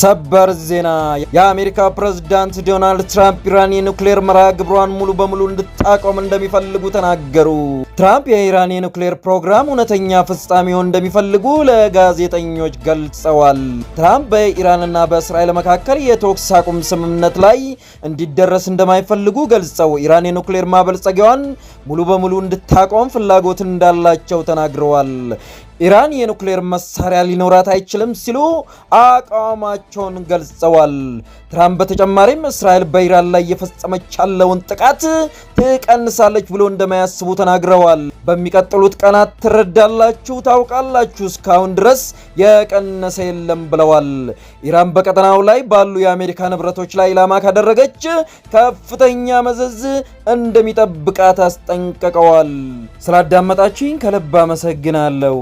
ሰበር ዜና የአሜሪካ ፕሬዝዳንት ዶናልድ ትራምፕ ኢራን የኒውክሌር መርሃ ግብሯን ሙሉ በሙሉ እንድታቆም እንደሚፈልጉ ተናገሩ። ትራምፕ የኢራን የኒውክሌር ፕሮግራም እውነተኛ ፍጻሜውን እንደሚፈልጉ ለጋዜጠኞች ገልጸዋል። ትራምፕ በኢራንና በእስራኤል መካከል የተኩስ አቁም ስምምነት ላይ እንዲደረስ እንደማይፈልጉ ገልጸው ኢራን የኒውክሌር ማበልጸጊያዋን ሙሉ በሙሉ እንድታቆም ፍላጎት እንዳላቸው ተናግረዋል። ኢራን የኑክሌር መሳሪያ ሊኖራት አይችልም ሲሉ አቋማቸውን ገልጸዋል። ትራምፕ በተጨማሪም እስራኤል በኢራን ላይ የፈጸመች ያለውን ጥቃት ትቀንሳለች ብሎ እንደማያስቡ ተናግረዋል። በሚቀጥሉት ቀናት ትረዳላችሁ፣ ታውቃላችሁ፣ እስካሁን ድረስ የቀነሰ የለም ብለዋል። ኢራን በቀጠናው ላይ ባሉ የአሜሪካ ንብረቶች ላይ ኢላማ ካደረገች ከፍተኛ መዘዝ እንደሚጠብቃት አስጠንቅቀዋል። ስላዳመጣችኝ ከልብ አመሰግናለሁ።